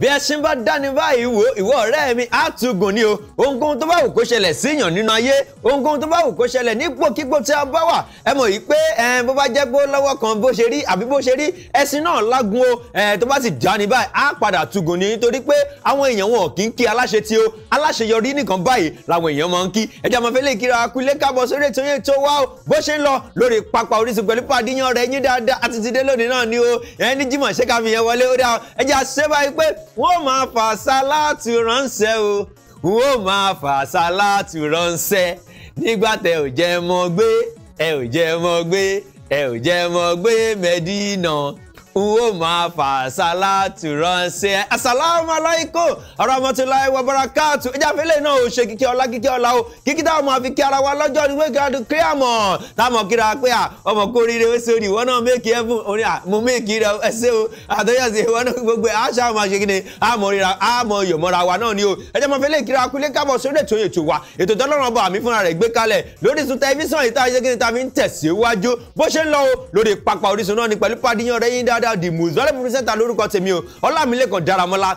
bí ẹṣin bá dáni báyìí wo, ìwọ ọ̀rẹ́ mi á tugùn ni o ohunkóhun tó bá wù kó ṣẹlẹ̀ síyàn nínú ayé ohunkóhun tó bá wù kó ṣẹlẹ̀ nípòkípò tí a bá wà ẹ mọ̀ yìí pé ẹ bó bá jẹ́ pé lọ́wọ́ kan bó ṣe rí àbí bó ṣe rí ẹṣin náà lágun o ẹ tó bá sì dáni báyìí á padà tugùn ni nítorí pé àwọn èèyàn wọn kì í kí aláṣẹ tí o aláṣeyọrí nìkan báyìí làwọn èèyàn máa ń kí ẹja máa fẹ́lẹ́ kíra kulé kábọ̀ sórí ni o ẹ ní Jímọ̀ ṣé ká fi yẹn wọlé wọ́n máa fà sáláàtù ránṣẹ́ o wọ́n máa fà sáláàtù ránṣẹ́ nígbà tẹ ò jẹ́ mọ́ gbé ẹ ò jẹ́ mọ́ gbé ẹ ò jẹ́ mọ́ gbé mẹ́dínà wo máa fà sálátù ránṣẹ́ asàlámù aláìkò ọ̀rọ̀mọ̀tòláì wàbàràkàtù ẹja fẹ́lẹ̀ náà ò ṣe kíkẹ́ ọlá kíkẹ́ ọlá o kíkí táwọn máa fi kí ara wa lọ́jọ́ ìwé gíradù kíríàmọ̀ táwọn kíra pé à ọmọ kó rire ó sórí ìwọ náà méèkì ẹ fún orin àmú méèkì rẹ ẹsẹ o àtọ́yàsí ìwọ náà gbogbo àṣà máa ṣe kíni àmọ́ ríra àmọ́ yòmọ́ra wa náà ni o ẹja máa fẹ́lẹ̀ kíra kulé kábọ̀ sórí ètò ètò wa ètò tọ́lọ́run ọba àmì fúnra rẹ̀ gbé kalẹ̀ lórí Orísun tẹlifíṣàn yìí tá a ṣe kíni tá a fi ń tẹ̀síwájú bó ṣe ń lọ o lórí pápá Orísun náà ni pẹ̀lú pàdéyàn rẹ̀ yín dáadáa dáadáa the most valuable presenter lórúkọ tèmi o ọlámilẹ́kan dáramọ́lá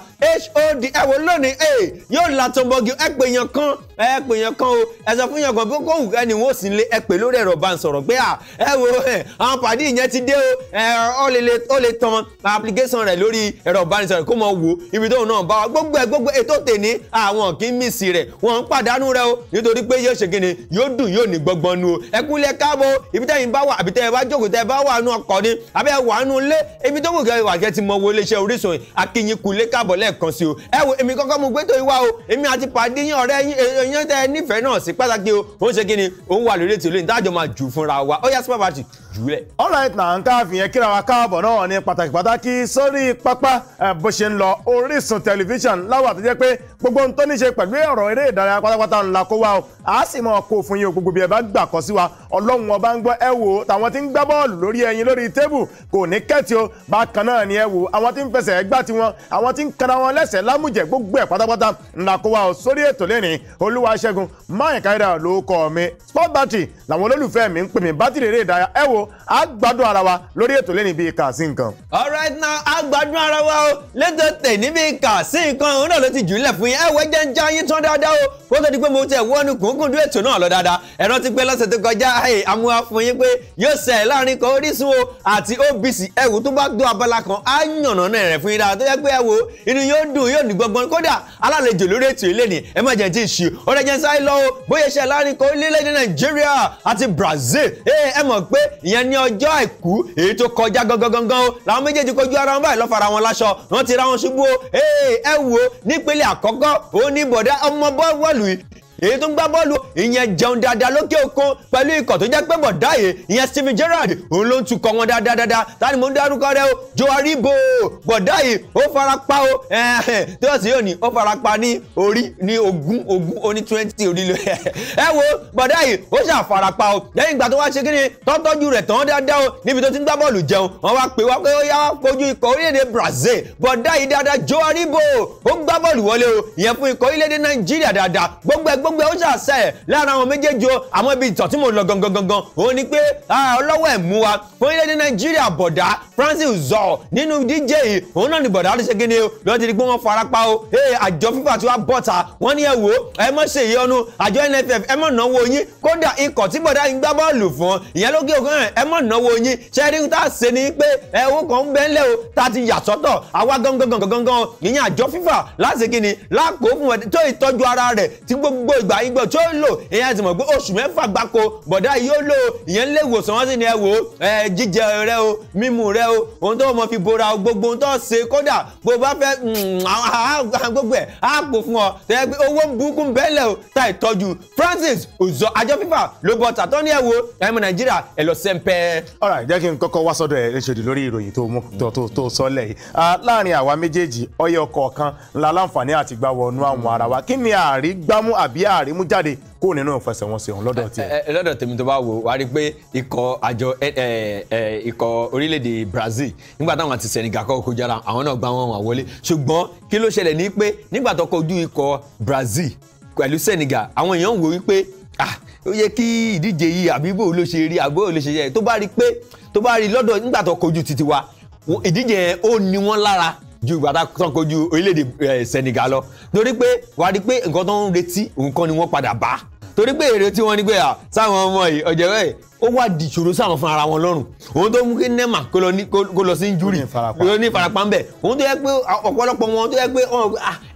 hod ẹ̀wọ̀ lónìí ẹ̀ eh, yóò la tọ́nbọ́gì ẹ pè yàn kan ẹ pè yàn kan o ẹ sọ fún yàn kan kókó wù ẹni wọn ò sì lé ẹ pè lórí ẹ̀rọ bá ń sọ̀rọ̀ pé à ẹ wo eh, àwọn pàdé ìyẹn ti dé o ó lè tan application rẹ̀ lórí ẹ̀rọ bá ń sọ̀rọ̀ kó mọ wo ibi tóun náà bá wa gbogbo ẹ gbogbo ètò tèní àwọn kì í mísì rẹ̀ wọn ń pàdánù rẹ o nítorí pé yóò ṣe kí ni yóò dùn yóò ní gbọgbọ́n nu o ẹ káàbọ̀ ibi tẹ́yìn bá wà àbí tẹ́yìn bá jókòó tẹ́yìn bá wà nù ọkọ̀ ni àbí wà nù ilé ibi tó kù kẹ́ wàkẹ́ ti mọ wo iléeṣẹ́ Orísun akínyìn kù lé káàbọ̀ lẹ́ẹ̀kan sí o ẹ wo èmi kọ́kọ́ mo gbé tó yín wá o èmi àti pàdé yín ọ̀rẹ́ yín tẹ́ nífẹ̀ẹ́ náà sí pàtàkì o òun ṣe kí ni òun wà lórí ètò ìlú ìtajọ́ máa jù fúnra wa ó yá sí pàpàtì jùlẹ̀. alright náà ń ká fìyẹn kíra wa káàbọ̀ náà ní pàtàkì pàtàkì sórí pápá bó ṣe ń lọ Orísun tẹlifíṣàn láwà tó jẹ́ pé gbogbo ohun tó ní ṣe pẹ̀lú ọ̀rọ̀ eré ìdárayá pátápátá ńlá kó wá o a sì mọ̀ kó fún yín o gbogbo bí ẹ bá gbà kọ́ sí wa ọlọ́run ọba ń gbọ́ ẹ wò ó tàwọn tí ń gbá bọ́ọ̀lù lórí ẹyin lórí tébù kò ní kẹ́tì o bákan náà ni ẹ wò ó àwọn tí ń fẹsẹ̀ gbá tiwọn àwọn tí ń kanra wọn lẹ́sẹ̀ lámùjẹ̀ gbogbo ẹ̀ pátápátá ńlá kó wá o sórí ètò lẹ́nìí Olúwaṣẹ́gun máyìnkáyọ̀dà ló kọ́ mi sport battery làwọn olólùfẹ́ mi ń pè mí bátìrì eré ìdárayá ẹ wò o a gbádùn ara wa lórí ètò lẹ́ni bíi kà sí nǹkan. all right now a gbádùn ara wa o lẹ́tọ̀ tẹ̀ níbi kà sí nǹkan òun náà ló ti jùlẹ̀ fún yín ẹ̀wẹ́ jẹ́ ń já yín tán dáadáa o kó tó di pé mo tẹ̀ wọ́nú kùnkùn dún ètò náà lọ dáadáa ẹ rántí pé lọ́sẹ̀ tó kọjá amúhá fún yín pé yóò sẹ̀ láàrin kan Orísun o àti OBC ẹ̀wù tó bá dún abala kan á yànnà náà rẹ̀ fún yín dáadáa tó jẹ́ pé ẹ̀wò inú yóò dùn yóò ní gbọ̀ngbọ̀n kódà alálejò lórí ètò ilé ni ẹ má jẹ́ ti ṣù ọ̀rẹ́jẹ̀ńsáì lọ́wọ́ bóyá iṣẹ́ láàrin kan orílẹ̀-èdè Nàìjíríà àti Brazil ẹ mọ̀ pé ì ìyẹn ní ọjọ́ àìkú èyí tó kọjá gangan o làwọn méjèèjì kojú ara wọn báyìí lọ́ fara wọn láṣọ wọ́n ti ra wọn ṣubú o ẹ wò ó nípele àkọ́kọ́ òun ní bọ̀dá ọmọ bọ́ọ̀lù yìí èyí tó ń gbá bọ́ọ̀lù ìyẹn jẹun dáadáa lókè òkun pẹ̀lú ikọ̀ tó jẹ́ pé bọ̀dá yìí ìyẹn Steven Gerrard òun ló ń tukọ̀ wọn dáadáa tani mo ń dárúkọ rẹ o Joe Aribo bọ̀dá yìí ó farapa o tí wọ́n sì yóò ní ó farapa ní orí ní ogún ogún ó twenty orí ló ẹ wo bọ̀dá yìí ó ṣàfarapa o lẹ́yìn ìgbà tó wá ṣe kí ni tọ́tọ́jú rẹ̀ tán dáadáa o níbi tó ti ń gbá bọ́ọ̀lù jẹun wọ́n wá pè wá pé ó yá Brazil bọ̀dá yìí dáadáa Joe Aribo ó gbá bọ́ọ̀lù wọlé o ìyẹn fún ikọ̀ orílẹ̀-èdè Nàìjíríà dáadáa gbogbo gbogbo ẹ̀ ó ṣàṣẹ lára àwọn méjèèjì o àmọ́ ibi ìtàn tí mo lọ gangan gangan òun ni pé ọlọ́wọ́ ẹ̀ mú wa orílẹ̀-èdè nàìjíríà bọ̀dá Francis Uzor nínú díje yìí òun náà ni bọ̀dá ló ṣe kí ni o lọ́ọ́ ti di pé wọ́n farapa o àjọ fífà tí wàá bọ̀ta wọ́n ní ẹ wò ẹ mọ̀ ṣe ìyọnu àjọ NFF ẹ mọ̀ náwó yín kódà ikọ̀ tí bọ̀dá yín gbá bọ́ọ̀lù fún ìyẹn lókè òkun ẹ mọ̀ ìgbà ìgbà tó ń lò ìyẹn àti mọ̀ pé oṣù mẹ́fà gbáko bọ̀dá yìí ó lò ìyẹn lè wòsàn wọ́n sì ní ẹ wò ó jíjẹ rẹ o mímu rẹ o ohun tó mọ fi bora o gbogbo ohun tó ṣe kódà bó bá fẹ́ mm, gbogbo ẹ̀ á pò fún ọ tẹ́lẹ̀ pé owó burúkú bẹ́ẹ̀lẹ̀ o ta ìtọ́jú Francis Uzo àjọ fífà ló bọ tàtọ́ ní ẹ wo ẹ̀mọ Nàìjíríà ẹ̀ lọ sẹ́ńpẹ́. ọ̀rọ̀ jẹ́ kí n kọ́kọ́ wá sọ́dọ̀ ẹ̀ ṣèdí lórí ìròyìn tó sọ́lẹ̀ yìí láàrin àwa méjèèjì ọyẹ ọkọ̀ kan àti gbà wọnú àwọn ara wa kí tàbí ààrẹ mú jáde kó nínú ìfẹsẹ̀wọnsẹ̀ ọ̀hún lọ́dọ̀ tiẹ̀. lọ́dọ̀ tèmi tó bá wò wá rí i pé ikọ̀ àjọ ikọ̀ orílẹ̀-èdè Brazil nígbà táwọn àti Senegal kọ́ kojú ara àwọn náà gba wọn wọn wọlé ṣùgbọ́n kí ló ṣẹlẹ̀ ní pé nígbà tó kojú ikọ̀ Brazil pẹ̀lú Senegal àwọn èèyàn wò wípé ah ó yẹ kí ìdíje yìí àbí bó ló ṣe rí àbó ló ṣe yẹ tó bá rí pé tó ju bàtà tán kojú orílẹ̀-èdè eh, Senegal lọ torí pé wà á rí pé nǹkan tó ń retí òun kan ni wọ́n padà bá torí pé èrè tí wọ́n ní pé à sáwọn ọmọ yìí ọ̀jẹ̀ bẹ́ẹ̀ eh, ó wá di ìṣòro sáwọn fún ara wọn lọ́rùn òun tó mú kí nema kó lọ sí injúrì kó ní ìfarapa ń bẹ̀ òun tó yẹ pé ọ̀pọ̀lọpọ̀ wọn tó yẹ pé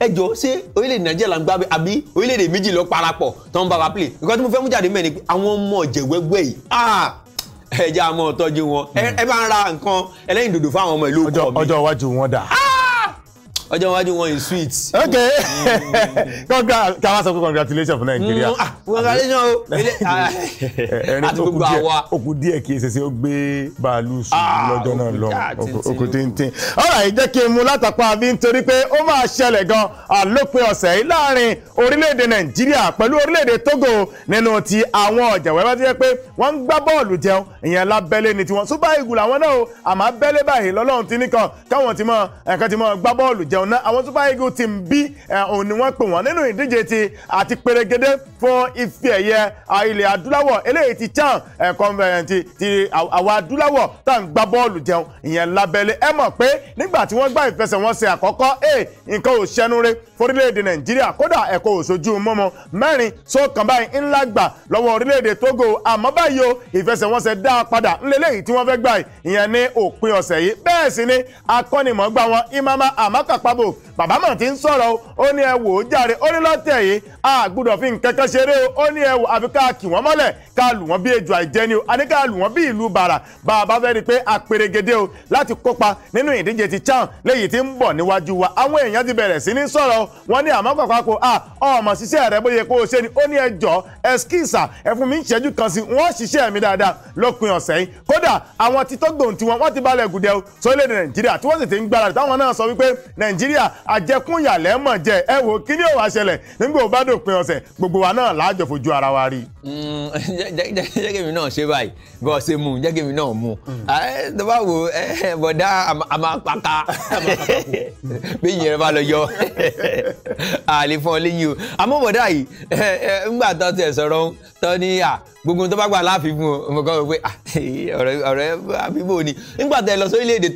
ẹjọ́ ṣé orílẹ̀-èdè Nàìjíríà là ń gbá àbí orílẹ̀-èdè méjì lọ parapọ̀ tó ń bá wa play nǹkan tí mo fẹ́ mú jáde mẹ́rin ni pé àwọn ọmọ ọ̀jẹ̀wẹ́gbẹ́ yìí ẹja mọ tọ́jú wọn hmm. ẹ bá ń ra nǹkan ẹlẹ́yìn dòdò fáwọn ọmọ ìlú ọkọ mi ọjọ́ iwájú wọn dà ọjọ́ iwájú wọn is sweet. ok káwá sọ pé congratulations fún nàìjíríà. Mm, ah, congratulations o ah, ẹni tó kù díẹ̀ ó kù díẹ̀ kí ẹsẹ̀ sí ó gbé bàálù sùn ah, lọ́jọ́ náà oh lọ okùn tíntín. ọ̀rọ̀ yìí jẹ́ kí n mú látàpá mi nítorí pé ó máa ṣẹlẹ̀ gan àlópin ọ̀sẹ̀ yìí láàrin orílẹ̀-èdè nàìjíríà pẹ̀lú orílẹ̀-èdè Togo nínú ti àwọn ọ̀jẹ̀ wẹ́wẹ́ tó yẹ pé wọ́n ń gbá bọ́ọ̀lù jẹun ìyẹn lábẹ́lé ni tiwọn Super Eagles làwọn náà àmọ́ abẹ́lé báyìí lọ́lọ́run ti ní kan káwọn ti mọ ẹ̀kan ti mọ gbá bọ́ọ̀lù j jẹun náà àwọn Super Eagles team B eh, òun ni wọ́n pè wọ́n nínú ìdíje ti àti pèrègede fún ife ẹ̀yẹ ilẹ̀ adúláwọ̀ eléyìí ti chan kọ́nfẹ̀rẹ̀ǹtì eh, ti àwọn adúláwọ̀ tá à ń gbá bọ́ọ̀lù jẹun ìyẹn lábẹ́lé ẹ mọ̀ pé nígbà tí wọ́n gbá ìfẹsẹ̀wọnsẹ̀ àkọ́kọ́ ẹ̀ eh, nǹkan ò ṣẹnure forílẹ̀-èdè Nàìjíríà kódà ẹ̀kọ́ òṣojú mọ́mọ́ mẹ́rin sókàn báyìí ńlá gbà lọ́wọ́ orílẹ̀ Togo àmọ́ báyìí o ìfẹsẹ̀wọnsẹ̀ dá a padà ńlẹ́lẹ́yìí tí wọ́n fẹ́ gbà ìyẹn ní òpin ọ̀sẹ̀ yìí bẹ́ẹ̀ sì ni akọ́nimọ̀ọ́gbà wọn Imama Amaka àpapọ̀ bàbá mọ̀ ti ń sọ̀rọ̀ ó ní ẹ wò ó jàre ó ní lọ́tẹ̀ yìí a gbọ́dọ̀ fi nǹkan kan ṣeré o ó ní ẹwà àfi ká kì wọ́n mọ́lẹ̀ ká lù wọ́n bí ejò àìjẹni o a ní ká lù wọ́n bí ìlú bàrà bá a bá fẹ́ rí i pé a perégedé o láti kópa nínú ìdíje ti CHAN léyìí tí ń bọ̀ níwájú wa àwọn èèyàn ti bẹ̀rẹ̀ sí ní sọ̀rọ̀ wọ́n ní àmọ́ kọ̀ọ̀kan kò a ọmọ ṣiṣẹ́ rẹ bóyá kó o ṣe ni ó ní ẹjọ́ ẹskísà ẹ fún mi ń ṣẹ́jú kan sí wọ́n ṣiṣẹ́ mi dáadáa lópin ọ̀sẹ̀ yìí kódà àwọn ti tọ́gbọ̀n tiwọn wọ́n ti balẹ̀ gùdẹ̀ o sórílẹ̀-èdè nàìjíríà tí wọ́n sì ti ń gbára táwọn náà sọ wípé nàìjíríà àjẹkúnyàlẹ́mọ̀ jẹ ẹ wò kí ni ò lópin ọ̀sẹ̀ gbogbo wa náà láàjọ fojú ara wa rí. Mm, jẹ́gẹ̀mí náà ṣe báyìí bọ́ ọ ṣe mú un jẹ́gẹ̀mí náà mú un. Mm. tó bá wo bọ̀dá àmàpàkà bí ìyẹn rẹ bá lọ yọ àlè fún ọ lẹ́yìn o. àmọ́ bọ̀dá yìí ńgbà tó ti ẹ̀ sọ̀rọ̀ tó ní à gbogbo tó bá gbà láàfin fún ọ mo kọ́ ọ pé ọ̀rẹ́ àfihàn ni ńgbà tó ẹ lọ sórílẹ̀-èdè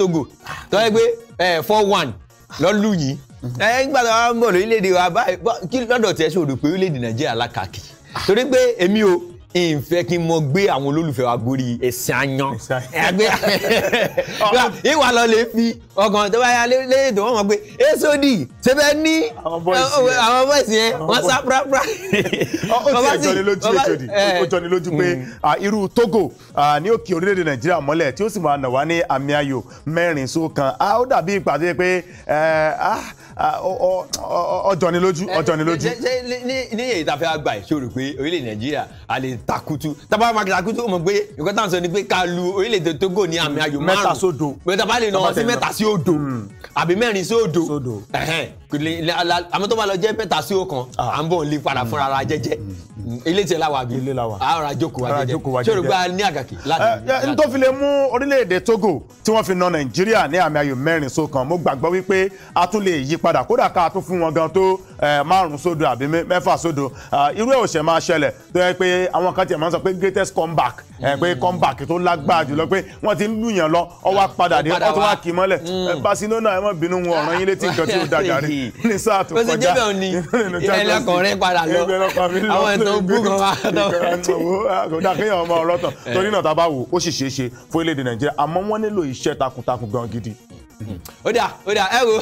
tó one lọ́lù yìí ẹ nígbà tí wọn bọ̀ lórílẹ̀‐èdè wa báyìí lọ́dọ̀ tiẹ̀ ṣe o rò pé orílẹ̀‐èdè nàìjíríà alákàkì torí pé èmi o ìfẹ́ kí n mọ gbé àwọn olólùfẹ́ wa gorí ẹ̀sìn ayan ẹgbẹ́ ìwà lọ lè fi ọkàn tó bá yà lẹ́yìn tó wọ́n mọ̀ pé èsòdì ṣẹbẹ́ ní àwọn bọ́ọ̀sì yẹn wọ́n sá púrápúrá. ó ti ẹjọ́ ni lójú èsòdì ó jọ ni lójú pé mm. irú Togo ní òkè orílẹ̀-èdè Nàìjíríà mọ́lẹ̀ tí ó sì máa nà wá ní àmì ayò mẹ́rin sókan ó dàbí ìpàdé pé ah Ah, ọjọ́ ni lójú eh, ọjọ́ ni lójú. Eh, eh, ní èyí tá a fẹ́ àgbà ẹ̀ ṣe o rò pé orílẹ̀ nàìjíríà a lè takutu tábà máa takutu mọ̀ pé nǹkan tá à ń sọ ni pé ká lu orílẹ̀-èdè Togo ní àmì ayò márùn-ún mẹ́ta sódò mẹ́ta bá lè nà ọ sí mẹ́ta sí odò hmm. àbí mẹ́rin sí odò àmọ́ tó máa lọ jẹ́ mẹ́ta sí ọ̀kan ah. à ń bọ̀ lè padà fúnra ara jẹ́jẹ́ mm. ilé tiẹ̀ láwa bí ilé láwa ara jókòó wa jẹ́jẹ́ ṣé o rò pé a ní àgàkì láti. Eh, eh, n tó fi lè mú orílẹ̀-èdè Togo tí wọ́n fi na Nàìjíríà ní àmì ayò mẹ́rin sókan mo gbàgbọ́ wípé a tún lè yí padà kódà ká a tún fún wọn gan tó márùn sódò àbí mẹ́fà sódò irú ẹ̀ ò ṣẹ̀ máa ṣẹlẹ̀ tó yẹ pé àwọn kan tiẹ̀ máa ń sọ pé greatest comeback pé comeback tó lágbára jùlọ pé wọ́n ti ń lùyàn lọ ó wá padà dé ó tún wá kì í mọ́lẹ̀ mm. Barcelona ẹ má bínú wọn ọ̀ràn yín létí nǹkan tí ó dájà rí ní sáà tó kọjá ó sì jẹ́ bẹ́ẹ̀ ni ìrẹ́lẹ́kọ̀ọ́rẹ́ padà lọ àwọn ètò gbúgbọ̀n wa tó dá kéèyàn ọmọ ọlọ́tàn eh. torí náà tá a bá wò ó sì ṣeé ṣe fún orílẹ̀-èdè Nàìjíríà àmọ́ wọ́n nílò iṣẹ́ takuntakun gan gidi ó dà ó dà ẹ wo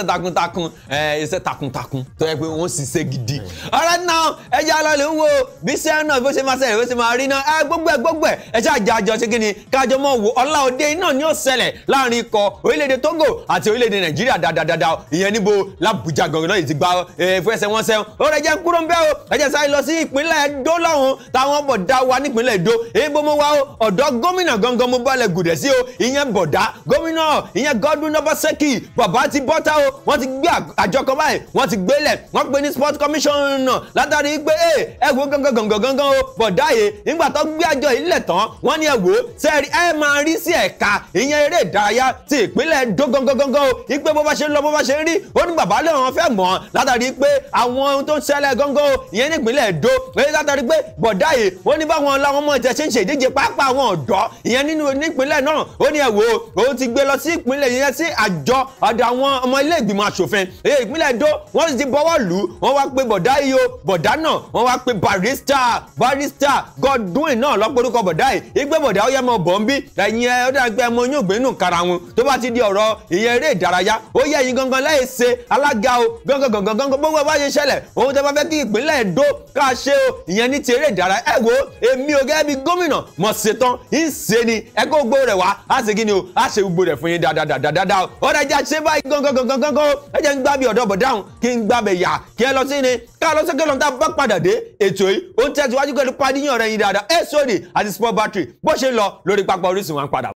takun. iṣẹ́ takuntakun ẹ takun takun. tó yẹ pé wọ́n ṣiṣẹ́ gidi. alright now ẹ jẹ́ alọ́lẹ̀ ń wo bí iṣẹ́ náà bó ṣe máa ṣẹlẹ̀ bó ṣe máa rí náà ẹ gbogbo ẹ gbogbo ẹ ẹ ṣe àjàjọ ṣe kí ni kájọ mọ̀ wò ọlá òde náà ni ó ṣẹlẹ̀ láàrin ikọ̀ orílẹ̀-èdè Togo àti orílẹ̀-èdè Nàìjíríà dáadáa ìyẹn níbo l'Àbújá gangan náà ti gba ìfẹsẹ̀wọnsẹ̀ ó rẹ jẹ́ kúrò ń bẹ́ o ẹ jẹ́ sáré lọ sí ìpínlẹ̀ Ẹdó lọ́hùn táwọn bọ̀dá wa nípínlẹ̀ Ẹdó èyí bó o ọ̀dọ́ gómìnà gangan mo bọ́lẹ̀ gùdẹ̀ sí Godwin Obaseki bàbá ti bọ́tà o wọ́n ti gbé àjọ kan báyìí wọ́n ti gbélẹ̀ wọ́n pe ní sport commission látàrí pé ẹ wo gangan gangan gangan o bọ̀dá yìí nígbà tó gbé àjọ yìí lẹ̀ tán wọ́n ní ẹ wò ó sẹ́ẹ̀rì ẹ máa rí sí ẹ̀ka ìyẹn eré ìdárayá ti ìpínlẹ̀ Ẹdó gangan gangan o ìpè bó bá ṣe ń lọ bó bá ṣe ń rí ó ní bàbá lè wọn fẹ́ mọ̀ látàrí pé àwọn ohun tó ń ṣẹlẹ̀ gangan o ìyẹn ní ìpínlẹ̀ Ẹdó ìyẹn sí àjọ ọ̀dọ̀ àwọn ọmọ ilé ìgbìmọ̀ asòfin èyí ìpínlẹ̀ Èdó wọ́n ti bọ́wọ́ lù ú wọ́n wá pé bọ̀dá yìí o bọ̀dá náà wọ́n wá pé barista barista Godwin náà lọ́pọ̀lọpọ̀ bọ̀dá yìí ìgbé bọ̀dá ó yẹ mọ bọ̀ ń bí ẹ̀yin ẹ̀ ó dàgbé pé ẹmọ yóò gbénú kara wọn tó bá ti di ọ̀rọ̀ ìyẹn eré ìdárayá ó yẹ ẹ̀yin gangan láì ṣe alága o gangan gangan gangan gbogbo bá ṣe ṣẹlẹ̀ òun tó bá fẹ́ kí ìpínlẹ̀ Èdó ká ṣe o ìyẹn ní ti eré ìdárayá ẹ wo èmi ò gẹ́gẹ́ bí gómìnà mọ̀ ṣetán ń ṣe ni ẹ kó gbogbo rẹ̀ wá á ṣe kí ni o á ṣe gbogbo rẹ̀ fún yín dáadáa dáadáa ó rẹ̀ jẹ́ àṣẹ báyìí gangan ẹ jẹ́ ń gbábi ọ̀dọ́ bọ̀ dáhùn kí ń gbábẹ̀ yà kí ẹ lọ sí ni ká lọ sókè lọ́n tá a bá padà dé ètò yìí ó ń tẹ̀síwájú pẹ̀lú pàdíyàn rẹ̀ yín dáadáa ẹ̀ sóde àti sport battery bó ṣe lọ lórí pápá Orísun wa ń padà.